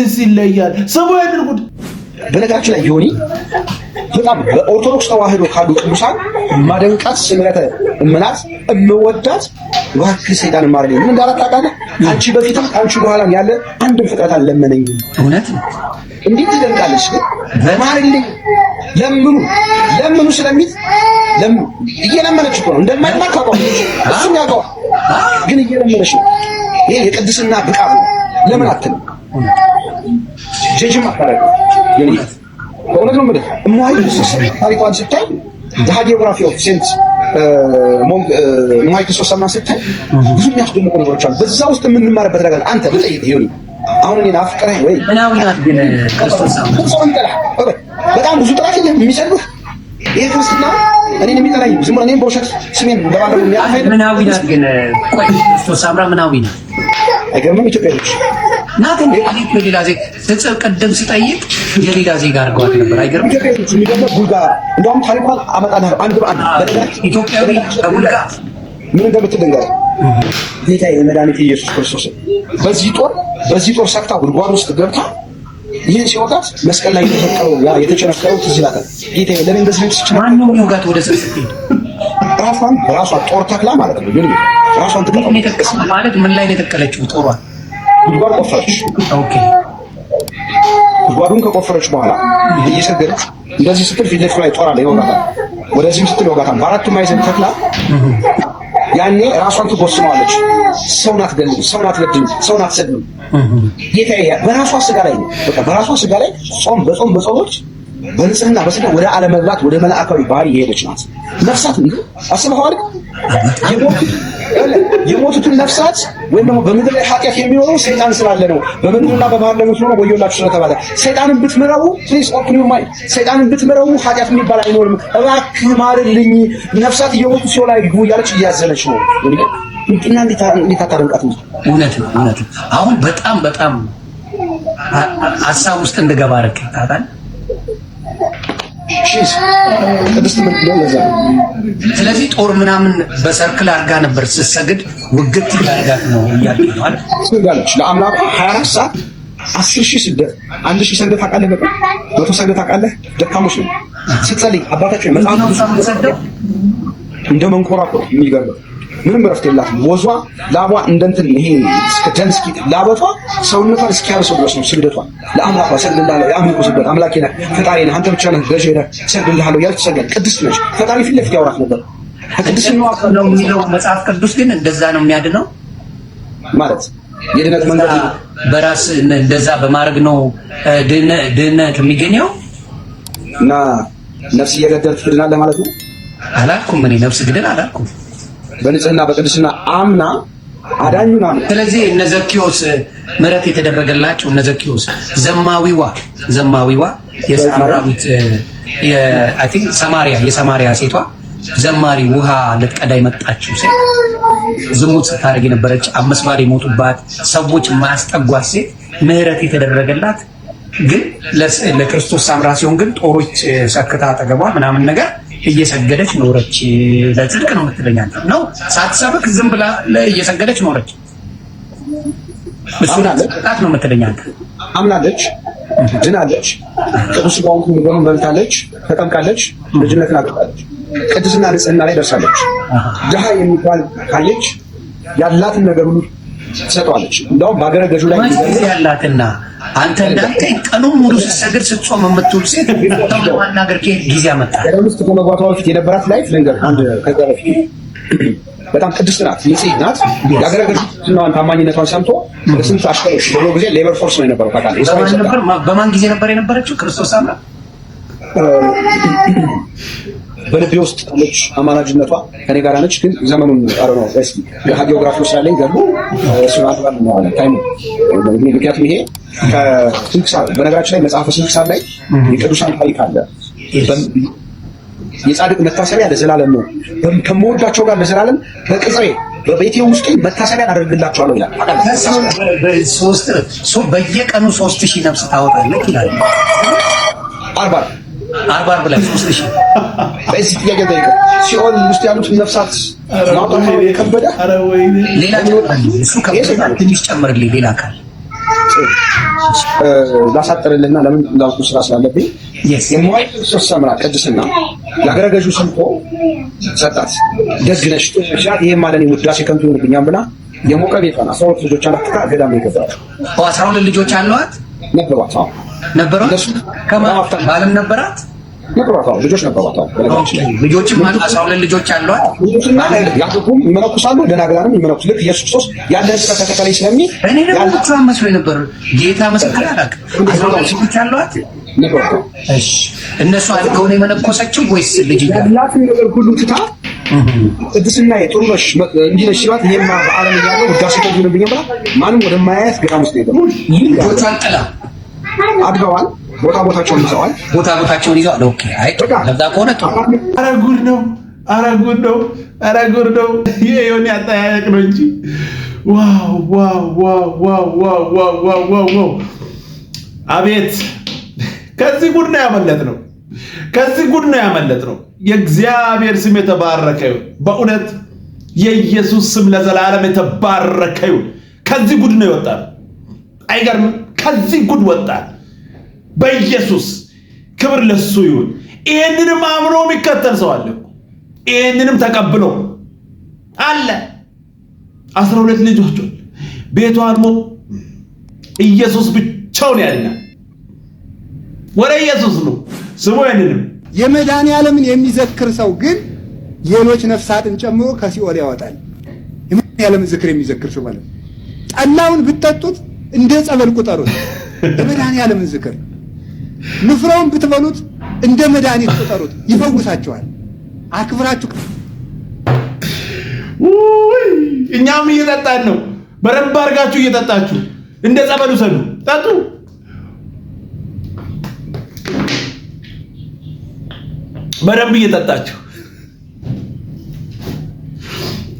ዚስ ይለያል። ስሙ ያድርጉት። በነገራችን ላይ ዮኒ በጣም በኦርቶዶክስ ተዋህዶ ካሉ ቅዱሳን ማደንቃት ስምረተ እምናት እምወዳት ዋክ ሰይጣን ማርኝ ምን እንዳላጣቃለ አንቺ በፊትም አንቺ በኋላም ያለ አንድም ፍጥረት አልለመነኝ። እውነት ነው። እንዴት ትደንቃለች? ማርልኝ ለምኑ ለምኑ ስለሚት እየለመነች እኮ ነው። እንደማይማር ታውቀዋለች፣ እሱም ያውቀዋል። ግን እየለመነች ነው። ይሄ የቅድስና ብቃት ነው። ለምን አትልም? ጀጅም አታደርግ። በእውነት ነው የምልህ እማይክሶስ ታሪኳን ስታይ ጂኦግራፊ ኦፍ ሴንት እማይክሶስ ሰማ ስታይ ብዙ የሚያስደንቁ ነገሮች አሉ። በዛ ውስጥ የምንማርበት ነገር አንተ ልጠይቅህ ይሁን አሁን እኔን አፍቅረኝ ወይ በጣም ብዙ ጥላት የለም የሚሰድብህ ይህ ክርስትና እኔን የሚጠላኝ ዝም ብሎ እኔን በውሸት ስሜን ምናዊ ናት ግን ቆይ ክርስቶስ አምራ ምናዊ ናት አይገርምም ኢትዮጵያ ናት እንዴ? እኔ እኮ የሌላ ዜጋ ህጽብ ቅድም ስጠይቅ የሌላ ዜጋ አድርገዋት ነበር። አይገርም? እንደውም ታሪኳን አመጣልህ። አንድ በአንድ ኢትዮጵያዊ ቡልጋ ምን እንደምትል ልንገርህ። ጌታ የመድኃኒት ኢየሱስ ክርስቶስ በዚህ ጦር በዚህ ጦር ሰክታ ጉድጓድ ውስጥ ገብታ ይህን ሲወጋት መስቀል ላይ የተሰቀለው ያ የተጨነቀለው ትዝ ይላታል። ጌታ ለምን እንደዚህ ልብስ ይችላል? ማን ነው የሚወጋት? ወደ ሰ ራሷን ራሷ ጦር ተክላ ማለት ነው። ራሷን ትክላ ማለት ምን ላይ ነው የተቀለችው ጦሯን ጉድጓድ ቆፈረች። ኦኬ ጉድጓዱን ከቆፈረች በኋላ እየሰገደች እንደዚህ ስትል ፊት ለፊት ላይ ጦር አለ ይወጋታል። ወደዚህም ስትል ይወጋታል። በአራቱ ማዕዘን ተክላ ያኔ ራሷን ትጎስመዋለች። ሰው ናት ገል ሰው ናት ገድም ጌታ በራሷ ስጋ ላይ ነው። በቃ በራሷ ስጋ ላይ ጾም በጾም በጾሞች በንጽህና በስጋ ወደ አለመብላት ወደ መላእካዊ ባህሪ የሄደች ናት። ነፍሳት እንግዲህ አስበኸዋል የሞቱትን ነፍሳት ወይም ደግሞ በምድር ላይ ኃጢአት የሚኖረው ሰይጣን ስላለ ነው። በምድርና በባህር ለምትኖሩ ወዮላችሁ ተባለ። ሰይጣንን ብትምረቡ፣ ፕሊስ ኦፕን ዩር ማይንድ። ሰይጣንን ብትምረቡ ኃጢአት የሚባል አይኖርም። እባክህ ማርልኝ፣ ነፍሳት እየሞቱ ሲሆን አይግቡ እያለች እያዘነች ነው። እና እንዴት አታደንቃት? እውነት ነው፣ እውነት ነው። አሁን በጣም በጣም ሀሳብ ውስጥ እንደገባ ረክ ታውቃለህ ስለዚህ ጦር ምናምን በሰርክል አድርጋ ነበር ስትሰግድ ውግት ያደርጋት ነው እያለዋል። ለአምላክ ሀያ አራት ሰዓት አስር ሺህ ስግደት፣ አንድ ሺህ ሰግደት አውቃለህ፣ በቀን መቶ ሰግደት አውቃለህ። ደካሞች ነው ስትጸልይ አባታቸው እንደ መንኮራኩር የሚገርመው ምንም ረፍት የላትም። ወዟ ላቧ እንደንትን ይሄ እስከ ደም እስኪ ላበቷ ሰውነቷን እስኪያርሰው ድረስ ነው ስግደቷ። ለአምላኳ ሰግድልሃለሁ፣ የአምልኮ ስግደት አምላኬ ነህ፣ ፈጣሪ ነህ፣ አንተ ብቻ ነህ ገዥ ነህ፣ ሰግድልሃለሁ ያለች ሰገድ ቅድስት ነች። ፈጣሪ ፊት ለፊት ያውራት ነበር። ቅድስና ነው የሚለው መጽሐፍ ቅዱስ ግን እንደዛ ነው የሚያድነው ማለት የድነት መንገድ በራስ እንደዛ በማድረግ ነው ድህነት የሚገኘው። እና ነፍስ እየገደልክ ትድናለህ ማለት ነው። አላልኩም እኔ ነፍስ ግድን አላልኩም። በንጽህና በቅድስና አምና አዳኙና ስለዚህ እነ ዘኪዮስ ምሕረት የተደረገላቸው እነ ዘኪዮስ ዘማዊዋ ዘማዊዋ የሳምራዊት ሰማሪያ የሰማሪያ ሴቷ ዘማሪ ውሃ ልትቀዳ የመጣችው ሴት ዝሙት ስታደርግ የነበረች አምስት ባል የሞቱባት ሰዎች ማያስጠጓት ሴት ምሕረት የተደረገላት ግን ለክርስቶስ ሳምራ ሲሆን ግን ጦሮች ሰክታ አጠገቧ ምናምን ነገር እየሰገደች ኖረች። ለጽድቅ ነው የምትለኝ አንተ ነው ሳትሰብክ ዝም ብላ እየሰገደች ኖረች። እሱን ጣት ነው የምትለኝ አንተ አምናለች፣ ድናለች፣ ቅዱስ ባንኩ ሁሉ በሙሉ በልታለች፣ ተጠምቃለች፣ ልጅነትን አጥቃለች፣ ቅድስና ንጽህና ላይ ደርሳለች። ድሃ የሚባል ካየች ያላትን ነገር ሁሉ ትሰጠዋለች። እንደውም በሀገረ ገዡ ላይ ያላትና አንተ እንዳልከኝ ቀኑን ሙሉ ስትሰግድ ስትጾም የምትውል ሴት ለማናገር ከሄድ ጊዜ አመጣ ውስጥ ከመግባቷ በፊት የነበራት ላይፍ ልንገር ከዛ በፊት በጣም ቅድስት ናት፣ ንጽሕት ናት። የሀገረ ገዡ ስናዋን ታማኝነቷን ሰምቶ ስንት አሽከሮች ድሮ ጊዜ ሌበር ፎርስ ነው የነበረው። በማን ጊዜ ነበር የነበረችው? ክርስቶስ አምራ በልቤ ውስጥ ነች አማላጅነቷ ከኔ ጋር ነች። ግን ዘመኑን አረ ነው ስ ጂኦግራፊ ስላለኝ ገሉ እሱን አግባል እንለዋለን። ምክንያቱም ይሄ ከስንክሳር በነገራችን ላይ መጽሐፈ ስንክሳር ላይ የቅዱሳን ታሪክ አለ። የጻድቅ መታሰቢያ ለዘላለም ነው። ከመወዳቸው ጋር ለዘላለም በቅጽሬ በቤቴ ውስጥ መታሰቢያ አደርግላቸዋለሁ ይላል። በየቀኑ ሶስት ሺህ ነፍስ ታወጣለች ይላል አርባ አርባ አርብ ላይ ሶስት ሺህ በዚህ ጥያቄ ጠይቀ ሲኦል ውስጥ ያሉት ነፍሳት ማውጣት ከበደ። ሌላ እሱ ትንሽ ጨምርልኝ። ሌላ አካል ላሳጥርልና ለምን እንዳልኩ ስራ ስላለብኝ የሞዋይ ክርስቶስ ሰምራ ቅድስና ለአገረ ገዡ ሰምቶ ሰጣት። ደግ ነሽ ይህ ማለኔ ውዳሴ ከንቱ ይሆንብኛል ብላ የሞቀ ቤቷን አስራ ሁለት ልጆች አላት ገዳም የገባችው አስራ ሁለት ልጆች አለዋት ነበሯት። ነበሯት ባልም ነበራት ልጆች ነበሯት። ልጆችም አስራ ሁለት ልጆች አሏት። ያቁም ይመነኩሳሉ፣ ደናግላንም ይመነኩስ ልክ ኢየሱስ ክርስቶስ ያለ ህዝብ ተከተለኝ ስለሚል እኔ ደግሞ ብቻዋን መስሎ ነበር። ጌታ መስክር አላውቅም። አስራ ሁለት ልጆች አሏት። እነሱ አድርገው የመነኮሰችው ወይስ ልጅ ያላትን ነገር ሁሉ ትታ ቅድስና የጥሩ ነሽ እንዲህ ነሽ ሲሏት ይሄማ በዓለም ያለው ውዳሴ ተጅብንብኝ ብላ ማንም ወደማያያት ገዳም ውስጥ ነው ልጆቿን ጥላ አድገዋል። ቦታ ቦታቸውን ይዘዋል። ቦታ ቦታቸውን ይዘዋል። ኦኬ። አይ ለዛ ከሆነ ጥሩ። ኧረ ጉድ ነው! ኧረ ጉድ ነው! ኧረ ጉድ ነው! ይሄ የሆነ አጠያየቅ ነው እንጂ ዋው አቤት! ከዚህ ጉድ ነው ያመለጥ ነው። ከዚህ ጉድ ነው ያመለጥ ነው። የእግዚአብሔር ስም የተባረከ ይሁን። በእውነት የኢየሱስ ስም ለዘላለም የተባረከ ይሁን። ከዚህ ጉድ ነው ይወጣል። አይገርምም? ከዚህ ጉድ ወጣ። በኢየሱስ ክብር ለሱ ይሁን። ይህንንም አምኖ የሚከተል ሰው አለ። ይህንንም ተቀብሎ አለ። አስራ ሁለት ልጆቹን ቤቱ አድሞ ኢየሱስ ብቻውን ያልና ወደ ኢየሱስ ነው ስሙ። ይህንንም የመድኃኔ ዓለምን የሚዘክር ሰው ግን ሌሎች ነፍሳትን ጨምሮ ከሲኦል ያወጣል። የመድኃኔ ዓለምን ዝክር የሚዘክር ሰው ማለት ጠላውን ብትጠጡት እንደ ጸበል ቁጠሩት፣ የመድኃኔዓለምን ዝክር ንፍረውን ብትበሉት እንደ መድኃኒት ቁጠሩት፣ ይፈውሳችኋል። አክብራችሁ እኛም እየጠጣን ነው። በረባ አድርጋችሁ እየጠጣችሁ እንደ ጸበሉ ሰዱ ጠጡ። በደንብ እየጠጣችሁ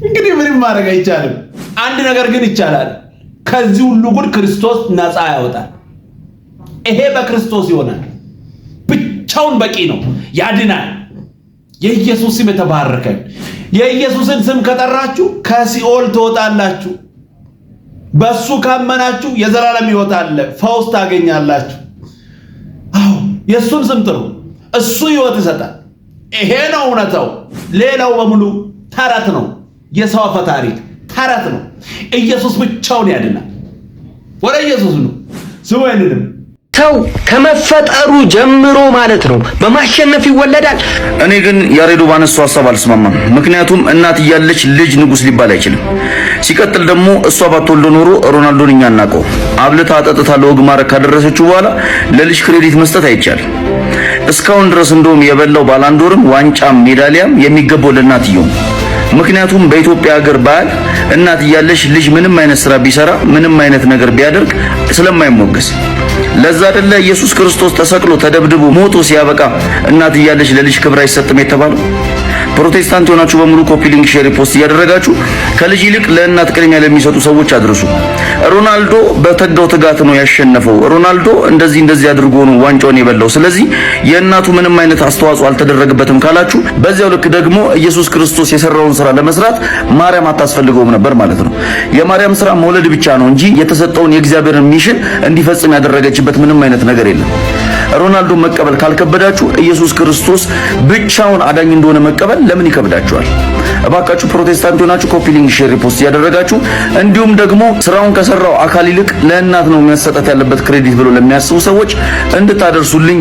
እንግዲህ ምንም ማድረግ አይቻልም። አንድ ነገር ግን ይቻላል። ከዚህ ሁሉ ጉድ ክርስቶስ ነፃ ያወጣል። ይሄ በክርስቶስ ይሆናል። ብቻውን በቂ ነው፣ ያድናል። የኢየሱስ ስም የተባረከ። የኢየሱስን ስም ከጠራችሁ ከሲኦል ትወጣላችሁ። በሱ ካመናችሁ የዘላለም ሕይወት አለ፣ ፈውስ ታገኛላችሁ። አዎ የሱን ስም ጥሩ፣ እሱ ሕይወት ይሰጣል። ይሄ ነው እውነታው። ሌላው በሙሉ ተረት ነው፣ የሰው አፈ ታሪክ ተረት ነው። ኢየሱስ ብቻውን ያድናል። ወደ ኢየሱስ ነው ስሙ አይልንም። ሰው ከመፈጠሩ ጀምሮ ማለት ነው በማሸነፍ ይወለዳል። እኔ ግን ያሬዱ ባነሳው ሀሳብ አልስማማም። ምክንያቱም እናት እያለች ልጅ ንጉስ ሊባል አይችልም። ሲቀጥል ደግሞ እሷ ባትወልዶ ኖሮ ሮናልዶን እኛ እናውቀው። አብልታ አጠጥታ ለወግ ማድረግ ካደረሰችው በኋላ ለልጅ ክሬዲት መስጠት አይቻልም። እስካሁን ድረስ እንደውም የበላው ባላንዶርም ዋንጫም ሜዳሊያም የሚገባው ለእናትየው ምክንያቱም በኢትዮጵያ ሀገር ባህል እናት እያለሽ ልጅ ምንም አይነት ስራ ቢሰራ ምንም አይነት ነገር ቢያደርግ ስለማይሞገስ ለዛ አይደለ ኢየሱስ ክርስቶስ ተሰቅሎ ተደብድቦ ሞቶ ሲያበቃ እናት እያለሽ ለልጅ ክብር አይሰጥም የተባለው። ፕሮቴስታንት የሆናችሁ በሙሉ ኮፒ ሊንክ፣ ሼር፣ ፖስት እያደረጋችሁ ከልጅ ይልቅ ለእናት ቅድሚያ ለሚሰጡ ሰዎች አድርሱ። ሮናልዶ በተጋው ትጋት ነው ያሸነፈው። ሮናልዶ እንደዚህ እንደዚህ አድርጎ ነው ዋንጫውን የበላው። ስለዚህ የእናቱ ምንም አይነት አስተዋጽኦ አልተደረገበትም ካላችሁ፣ በዚያው ልክ ደግሞ ኢየሱስ ክርስቶስ የሰራውን ስራ ለመስራት ማርያም አታስፈልገውም ነበር ማለት ነው። የማርያም ስራ መውለድ ብቻ ነው እንጂ የተሰጠውን የእግዚአብሔርን ሚሽን እንዲፈጽም ያደረገችበት ምንም አይነት ነገር የለም። ሮናልዶ መቀበል ካልከበዳችሁ ኢየሱስ ክርስቶስ ብቻውን አዳኝ እንደሆነ መቀበል ለምን ይከብዳችኋል? እባካችሁ ፕሮቴስታንት ሆናችሁ ኮፒ ሊንክ፣ ሼር፣ ሪፖስት እያደረጋችሁ እንዲሁም ደግሞ ስራውን ከሰራው አካል ይልቅ ለእናት ነው መሰጠት ያለበት ክሬዲት ብሎ ለሚያስቡ ሰዎች እንድታደርሱልኝ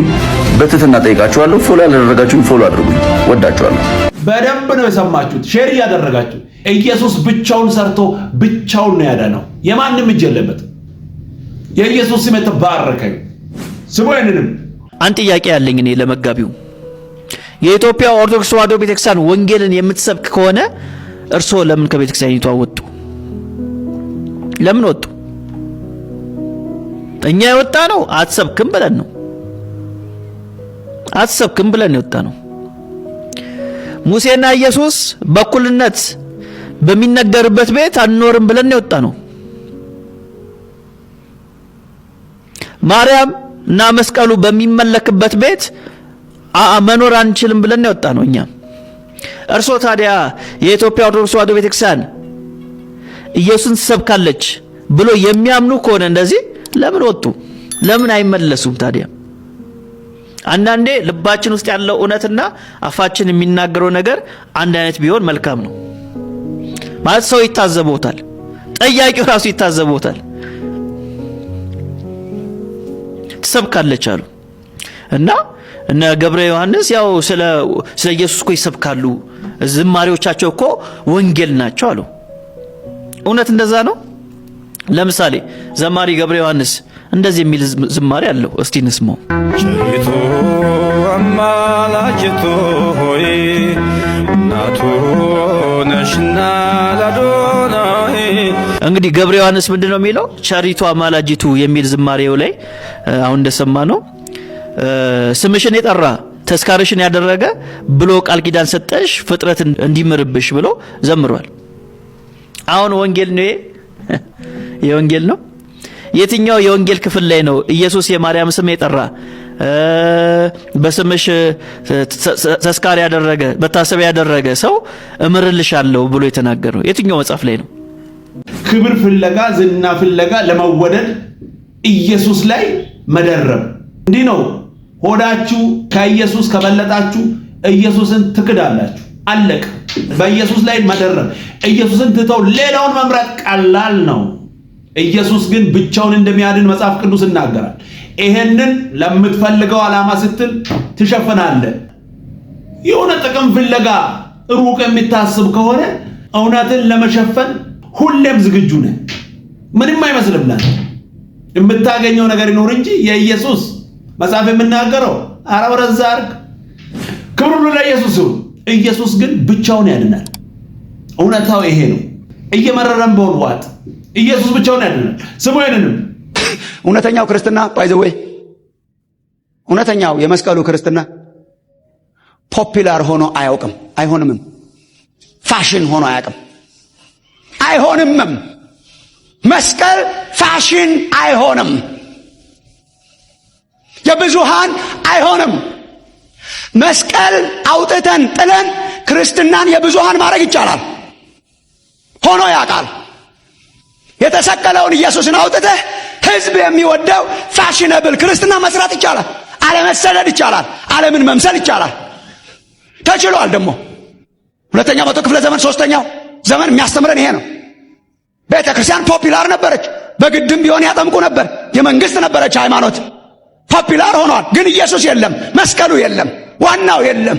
በትህትና ጠይቃችኋለሁ። ፎሎ ያላደረጋችሁኝ ፎሎ አድርጉኝ። ወዳችኋለሁ። በደንብ ነው የሰማችሁት። ሼር እያደረጋችሁ ኢየሱስ ብቻውን ሰርቶ ብቻውን ነው ያዳነው። የማንም እጅ የለበት። የኢየሱስ ስም የተባረከ ስሙ። አንድ ጥያቄ ያለኝ እኔ ለመጋቢው የኢትዮጵያ ኦርቶዶክስ ተዋህዶ ቤተክርስቲያን ወንጌልን የምትሰብክ ከሆነ እርስዎ ለምን ከቤተክርስቲያኒቷ ወጡ? ለምን ወጡ? እኛ የወጣ ነው አትሰብክም ብለን ነው አትሰብክም ብለን የወጣ ነው። ሙሴና ኢየሱስ በኩልነት በሚነገርበት ቤት አንኖርም ብለን የወጣ ነው። ማርያም እና መስቀሉ በሚመለክበት ቤት መኖር አንችልም ብለን ያወጣ ነው እኛ። እርሶ ታዲያ የኢትዮጵያ ኦርቶዶክስ ተዋሕዶ ቤተክርስቲያን ኢየሱስን ትሰብካለች ብሎ የሚያምኑ ከሆነ እንደዚህ ለምን ወጡ? ለምን አይመለሱም ታዲያ? አንዳንዴ ልባችን ውስጥ ያለው እውነትና አፋችን የሚናገረው ነገር አንድ አይነት ቢሆን መልካም ነው። ማለት ሰው ይታዘቦታል፣ ጠያቂው ራሱ ይታዘቦታል። ትሰብካለች አሉ እና እነ ገብረ ዮሐንስ ያው ስለ ኢየሱስ እኮ ይሰብካሉ፣ ዝማሬዎቻቸው እኮ ወንጌል ናቸው አሉ። እውነት እንደዛ ነው። ለምሳሌ ዘማሪ ገብረ ዮሐንስ እንደዚህ የሚል ዝማሬ አለው። እስቲ እንስማው። ቸሪቱ አማላጅቱ ሆይ እናቱ ነሽና ላዶና እንግዲህ ገብረ ዮሐንስ ምንድን ነው የሚለው ቸሪቷ አማላጅቱ የሚል ዝማሬው ላይ አሁን እንደሰማ ነው ስምሽን የጠራ ተስካርሽን ያደረገ ብሎ ቃል ኪዳን ሰጠሽ ፍጥረት እንዲምርብሽ ብሎ ዘምሯል። አሁን ወንጌል ነው የወንጌል ነው። የትኛው የወንጌል ክፍል ላይ ነው ኢየሱስ የማርያም ስም የጠራ በስምሽ ተስካር ያደረገ መታሰቢያ ያደረገ ሰው እምርልሻለሁ ብሎ የተናገረው? የትኛው መጽሐፍ ላይ ነው? ክብር ፍለጋ፣ ዝና ፍለጋ፣ ለመወደድ ኢየሱስ ላይ መደረብ። እንዲህ ነው ሆዳችሁ ከኢየሱስ ከበለጣችሁ ኢየሱስን ትክዳላችሁ። አለቀ። በኢየሱስ ላይ መደረብ፣ ኢየሱስን ትተው ሌላውን መምረጥ ቀላል ነው። ኢየሱስ ግን ብቻውን እንደሚያድን መጽሐፍ ቅዱስ ይናገራል። ይሄንን ለምትፈልገው ዓላማ ስትል ትሸፍናለህ። የሆነ ጥቅም ፍለጋ ሩቅ የሚታስብ ከሆነ እውነትን ለመሸፈን ሁሌም ዝግጁ ነህ። ምንም አይመስልም። ላንተ የምታገኘው ነገር ይኖር እንጂ የኢየሱስ መጽሐፍ የምናገረው አረ ወደዛ አድርግ። ክብሩ ለኢየሱስ ይሁን። ኢየሱስ ግን ብቻውን ያድናል። እውነታው ይሄ ነው። እየመረረን በሆን ዋጥ ኢየሱስ ብቻውን ያድናል። ስሙ ይንንም እውነተኛው ክርስትና ባይዘወይ እውነተኛው የመስቀሉ ክርስትና ፖፒላር ሆኖ አያውቅም፣ አይሆንምም። ፋሽን ሆኖ አያውቅም። አይሆንምም። መስቀል ፋሽን አይሆንም። የብዙሃን አይሆንም። መስቀል አውጥተን ጥለን ክርስትናን የብዙሃን ማድረግ ይቻላል። ሆኖ ያውቃል። የተሰቀለውን ኢየሱስን አውጥተህ ህዝብ የሚወደው ፋሽነብል ክርስትና መስራት ይቻላል። አለመሰደድ ይቻላል። ዓለምን መምሰል ይቻላል። ተችሏል። ደግሞ ሁለተኛው መቶ ክፍለ ዘመን ሶስተኛው ዘመን የሚያስተምረን ይሄ ነው። ቤተ ክርስቲያን ፖፒላር ነበረች። በግድም ቢሆን ያጠምቁ ነበር። የመንግስት ነበረች ሃይማኖት። ፖፒላር ሆኗል። ግን ኢየሱስ የለም፣ መስቀሉ የለም፣ ዋናው የለም፣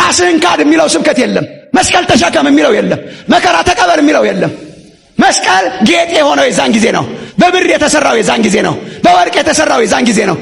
ራስህን ካድ የሚለው ስብከት የለም፣ መስቀል ተሸከም የሚለው የለም፣ መከራ ተቀበል የሚለው የለም። መስቀል ጌጥ የሆነው የዛን ጊዜ ነው። በብር የተሰራው የዛን ጊዜ ነው። በወርቅ የተሰራው የዛን ጊዜ ነው።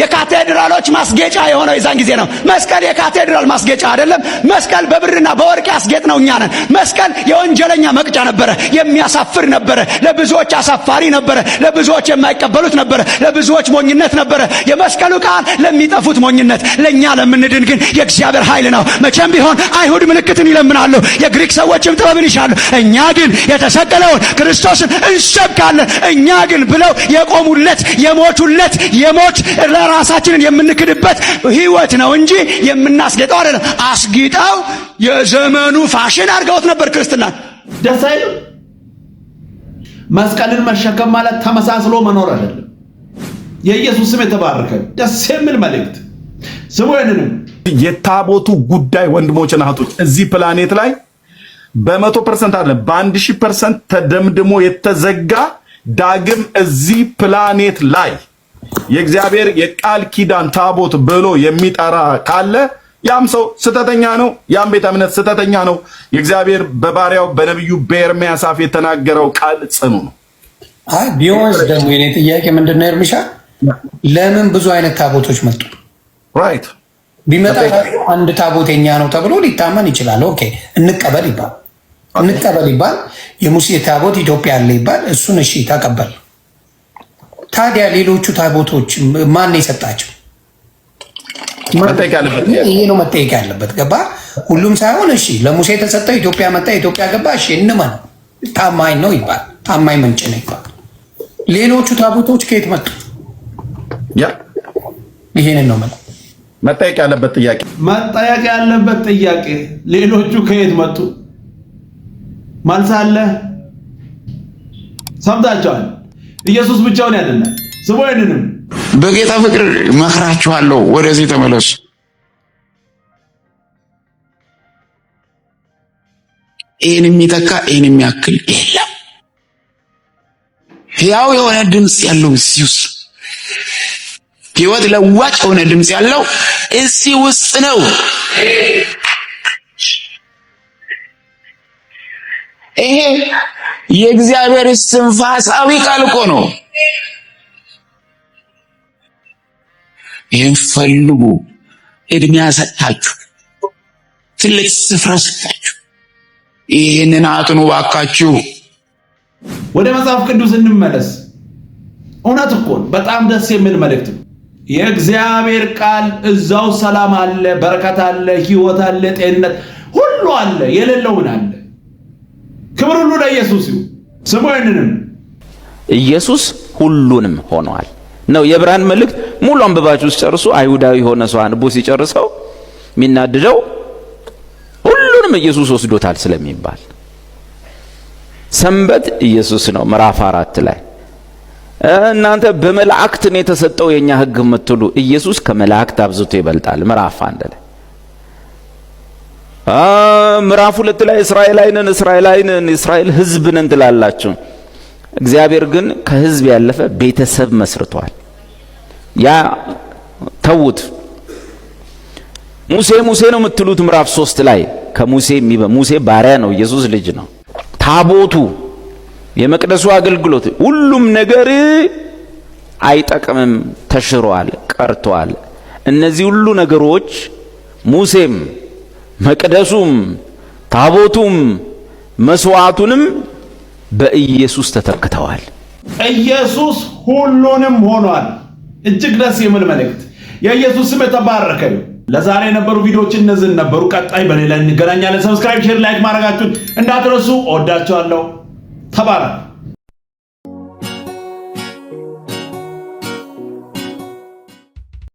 የካቴድራሎች ማስጌጫ የሆነው የዛን ጊዜ ነው። መስቀል የካቴድራል ማስጌጫ አይደለም። መስቀል በብርና በወርቅ ያስጌጥ ነው እኛ ነን። መስቀል የወንጀለኛ መቅጫ ነበረ፣ የሚያሳፍር ነበረ፣ ለብዙዎች አሳፋሪ ነበረ፣ ለብዙዎች የማይቀበሉት ነበረ፣ ለብዙዎች ሞኝነት ነበረ። የመስቀሉ ቃል ለሚጠፉት ሞኝነት፣ ለእኛ ለምንድን ግን የእግዚአብሔር ኃይል ነው። መቼም ቢሆን አይሁድ ምልክትን ይለምናሉ፣ የግሪክ ሰዎችም ጥበብን ይሻሉ፣ እኛ ግን የተሰቀለውን ክርስቶስን እንሰብካለን። እኛ ግን ብለው የቆሙለት የሞቱለት የሞት ስለ ራሳችንን የምንክድበት ህይወት ነው እንጂ የምናስጌጠው አይደለም። አስጊጠው የዘመኑ ፋሽን አድርገውት ነበር ክርስትናን። ደስ አይልም። መስቀልን መሸከም ማለት ተመሳስሎ መኖር አይደለም። የኢየሱስ ስም የተባረከ ደስ የሚል መልእክት ስሙ። ይህንንም የታቦቱ ጉዳይ ወንድሞችና እህቶች እዚህ ፕላኔት ላይ በመቶ ፐርሰንት አለ በአንድ ሺህ ፐርሰንት ተደምድሞ የተዘጋ ዳግም እዚህ ፕላኔት ላይ የእግዚአብሔር የቃል ኪዳን ታቦት ብሎ የሚጠራ ካለ ያም ሰው ስተተኛ ነው። ያም ቤተ እምነት ስተተኛ ነው። የእግዚአብሔር በባሪያው በነቢዩ በኤርምያስ አፍ የተናገረው ቃል ጽኑ ነው። አይ ቢሆንስ ደግሞ የኔ ጥያቄ ምንድን ነው? ኤርሚሻ ለምን ብዙ አይነት ታቦቶች መጡ? ራይት ቢመጣ አንድ ታቦት የኛ ነው ተብሎ ሊታመን ይችላል። ኦኬ እንቀበል ይባል እንቀበል ይባል የሙሴ ታቦት ኢትዮጵያ አለ ይባል እሱን እሺ ተቀበል ታዲያ ሌሎቹ ታቦቶች ማን የሰጣቸው? ይሄ ነው መጠየቅ ያለበት። ገባ ሁሉም ሳይሆን እሺ፣ ለሙሴ የተሰጠው ኢትዮጵያ መጣ፣ ኢትዮጵያ ገባ። እሺ እንመን ታማኝ ነው ይባል፣ ታማኝ ምንጭ ነው ይባል። ሌሎቹ ታቦቶች ከየት መጡ? ይሄንን ነው መጠየቅ ያለበት ጥያቄ። መጠየቅ ያለበት ጥያቄ ሌሎቹ ከየት መጡ? መልስ አለ። ሰምታችኋል። ኢየሱስ ብቻውን ያድናል። ስሙ አይደለም። በጌታ ፍቅር መክራችኋለሁ፣ ወደዚህ ተመለሱ። ይህን የሚተካ ይህን የሚያክል የለም። ሕያው የሆነ ድምፅ ያለው እዚህ ውስጥ ሕይወት ለዋጭ የሆነ ድምፅ ያለው እዚህ ውስጥ ነው። ይሄ የእግዚአብሔር እስትንፋሳዊ ቃል እኮ ነው። ይህን ፈልጉ። እድሜያ ያሰጣችሁ ትልቅ ስፍራ ሰጣችሁ። ይህንን አጥኑ ባካችሁ። ወደ መጽሐፍ ቅዱስ እንመለስ። እውነት እኮ በጣም ደስ የሚል መልእክት ነው። የእግዚአብሔር ቃል እዛው ሰላም አለ፣ በረከት አለ፣ ህይወት አለ፣ ጤንነት ሁሉ አለ። የሌለው ምን አለ? ክብር ሁሉ ለኢየሱስ ይሁን። ስሙ ይንንም ኢየሱስ ሁሉንም ሆኗል ነው የብርሃን መልእክት ሙሉ አንብባችሁ ውስጥ አይሁዳዊ የሆነ ሰው አንቡ ሲጨርሰው የሚናድደው ሁሉንም ኢየሱስ ወስዶታል ስለሚባል ሰንበት ኢየሱስ ነው። ምዕራፍ አራት ላይ እናንተ በመላእክት ነው የተሰጠው የኛ ህግ የምትሉ ኢየሱስ ከመላእክት አብዝቶ ይበልጣል። ምዕራፍ አንድ ላይ ምዕራፍ ሁለት ላይ እስራኤል አይነን እስራኤል አይነን እስራኤል ህዝብ ነን ትላላችሁ። እግዚአብሔር ግን ከህዝብ ያለፈ ቤተሰብ መስርቷል። ያ ተዉት። ሙሴ ሙሴ ነው የምትሉት ምዕራፍ ሶስት ላይ ከሙሴ ሙሴ ባሪያ ነው፣ ኢየሱስ ልጅ ነው። ታቦቱ፣ የመቅደሱ አገልግሎት፣ ሁሉም ነገር አይጠቅምም፣ ተሽሯል፣ ቀርቷል። እነዚህ ሁሉ ነገሮች ሙሴም መቅደሱም ታቦቱም መስዋዕቱንም በኢየሱስ ተተክተዋል። ኢየሱስ ሁሉንም ሆኗል። እጅግ ደስ የሚል መልእክት። የኢየሱስ ስም የተባረከ ነው። ለዛሬ የነበሩ ቪዲዮዎች እነዚህን ነበሩ። ቀጣይ በሌላ እንገናኛለን። ሰብስክራይብ፣ ሼር፣ ላይክ ማድረጋችሁን እንዳትረሱ። እወዳችኋለሁ። ተባረክ